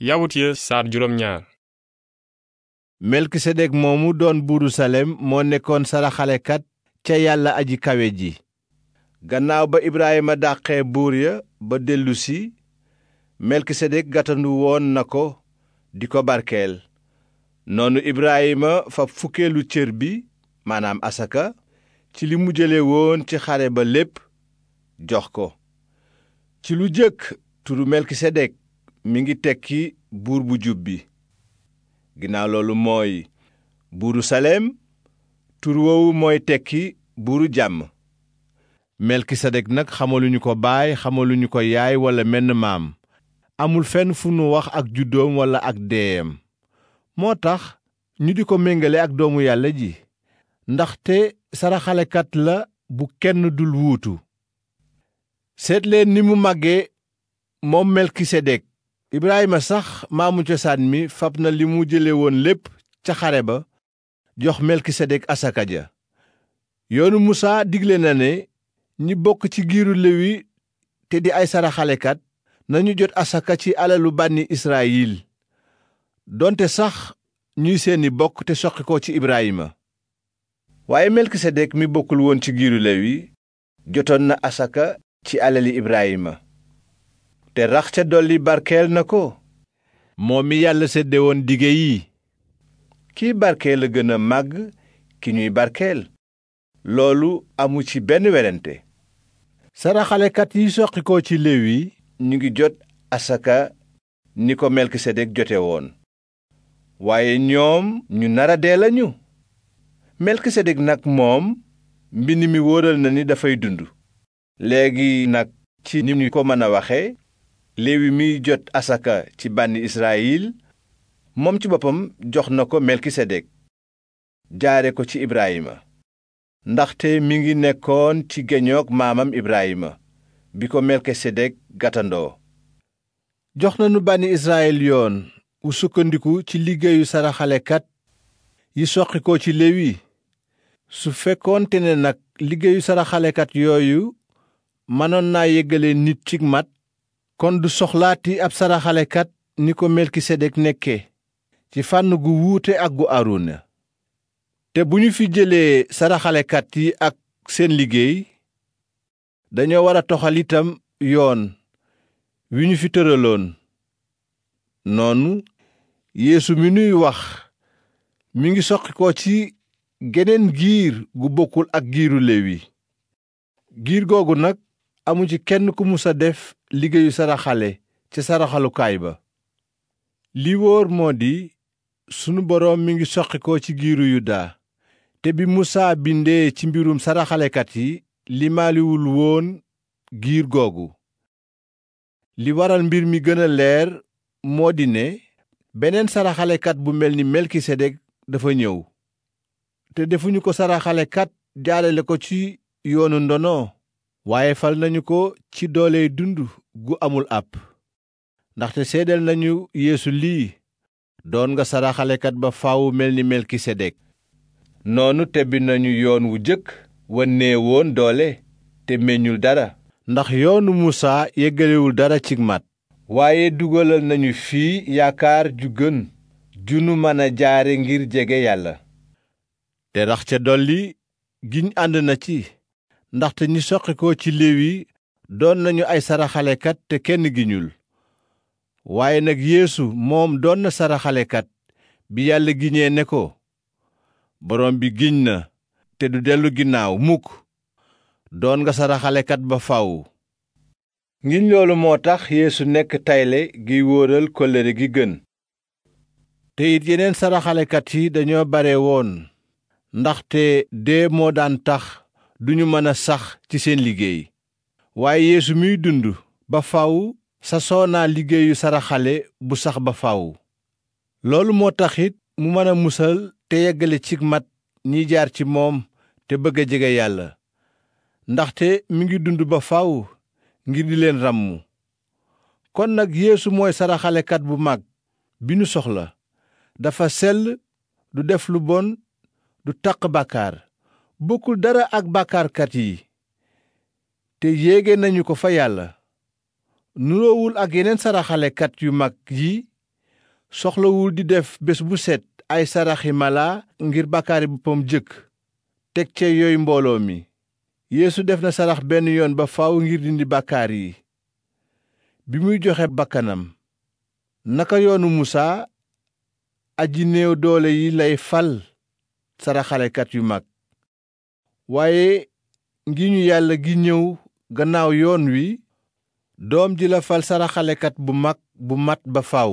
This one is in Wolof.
yawut ya saar juróom melkisedek moomu doon buuru salem moo nekkoon saraxalekat ca yàlla aji kawe ji gannaaw ba ibraayima dàqee buur ya ba dellusi melkisedek gatandu woon na ko di ko barkeel noonu ibraayima fa fukkeelu cër bi maanaam asaka ci li mu jële woon ci xare ba lépp jox ko ci lu jëkk turu melkisedek mi ngi tekki buur bu jub bi ginnaaw loolu mooy buuru saleem tur woowu mooy tekki buuru jàmm melkisedek nag xamaluñu ko baay xamaluñu ko yaay walla menn maam amul fenn fu nu wax ak juddoom walla ak deeyam moo tax ñu di ko méngale ak doomu yàlla ji ndaxte saraxalekat la bu kenn dul wuutu seetleen ni mu màgge moom melkisedek Ibrahima sax maamu cosaan mi fab na li mu jële woon lépp ca xare ba jox melkisedek asaka ja yoonu musaa digle na ne ñi bokk ci giiru lewi te di ay saraxalekat nañu jot asaka ci alalu bànni israyil donte sax ñuy seeni bokk te soqi ci ibrahima waaye melkisedek mi bokkul woon ci giiru lewi jotoon na asaka ci alali ibrahima te rax ca dolli barkeel na ko moom mi yàlla sedde woon dige yi kii barkeel a gën a màgg ki ñuy barkeel loolu amu ci benn werante saraxalekat yi soqi ko ci léwi ñu ngi jot asaka ni ko melkisedek jote woon waaye ñoom ñu nara dee lañu melkisedek nag moom mbind mi wóoral na ni dafay dund léegi nag ci ni ñu ko mën a waxe léewi miy jot asaka ci bànni israyil moom ci boppam jox na ko melkisedek jaare ko ci ibrahima ndaxte mi ngi nekkoon ci geñoog maamam ibrahima bi ko melkisedek gàttandoo jox nanu bànni israyil yoon wu sukkandiku ci liggéeyu saraxalekat yi soqi ci léwi su fekkoonte ne nag liggéeyu saraxalekat yooyu mënoon naa yeggale nit ci mat kon du soxlaati ab saraxalekat ni ko melkisedek nekke ci fànn gu wuute ak gu aaruna te bu ñu fi jëlee saraxalekat yi ak seen liggéey dañoo war a toxal itam yoon wi ñu fi tëraloon noonu yéesu mi nuy wax mu ngi soqi ko ci geneen giir gu bokkul ak giiru lewi giir googu nag amu ci kenn ku musa def liggéeyu saraxale ca saraxalukaay ba li wóor moo di sunu boroom mi ngi soqi ko ci giiru yuda te bi musaa bindee ci mbirum saraxalekat yi limaaliwul woon giir googu li waral mbir mi gën a leer moo di ne beneen saraxalekat bu mel ni melkisedek dafa ñëw te defuñu ko saraxalekat jaarale ko ci yoonu ndono waaye fal nañu ko ci dooley dund gu amul àpp ndaxte seedeel nañu yéesu lii doon nga saraxalekat ba faawu mel ni melkisedek noonu tebbi nañu yoon wu jëkk wa néewoon doole te meññul dara ndax yoonu muusaa yeggalewul dara cig mat waaye dugalal nañu fii yaakaar ju gën junu mën a jaare ngir jege yàlla te rax ca dolli giñ ànd na ci ndaxte ñi soqikoo ci léewi doon nañu ay saraxalekat te kenn giñul waaye nag yéesu moom doon na saraxalekat bi yàlla giñee ne ko borom bi giñ na te du dellu ginnaaw mukk doon nga saraxalekat ba faw ngiñ loolu moo tax yéesu nekk tayle giy wóoral kóllëre gi gën te it yeneen saraxalekat yi dañoo bare woon ndaxte dee moo daan tax duñu mën a sax ci seen liggéey waaye yeesu miy dund ba faw sasoo naa liggéeyu saraxale bu sax ba faw loolu moo taxit mu mën a musal te yeggale cig mat ñi jaar ci moom te bëgg a jege yàlla ndaxte mu ngi dund ba faw ngir di leen ràmmu kon nag yéesu mooy saraxalekat bu mag bi ñu soxla dafa sell du def lu bon du taq bàkkaar bokkul dara ak bàkkaarkat yi te yéege nañu ko fa yàlla nuroowul ak yeneen saraxalekat yu mag yi soxlawul di def bés bu set ay saraxi mala ngir bàkkaari boppam jëkk teg ce yooyu mbooloo mi yéesu def na sarax benn yoon ba faw ngir dindi bàkkaar yi bi muy joxe bakkanam naka yoonu musaa aji néew doole yi lay fal saraxalekat yu mag waaye ngiñu yàlla gi ñëw gannaaw yoon wi doom ji la fal saraxalekat bu mag bu mat ba faw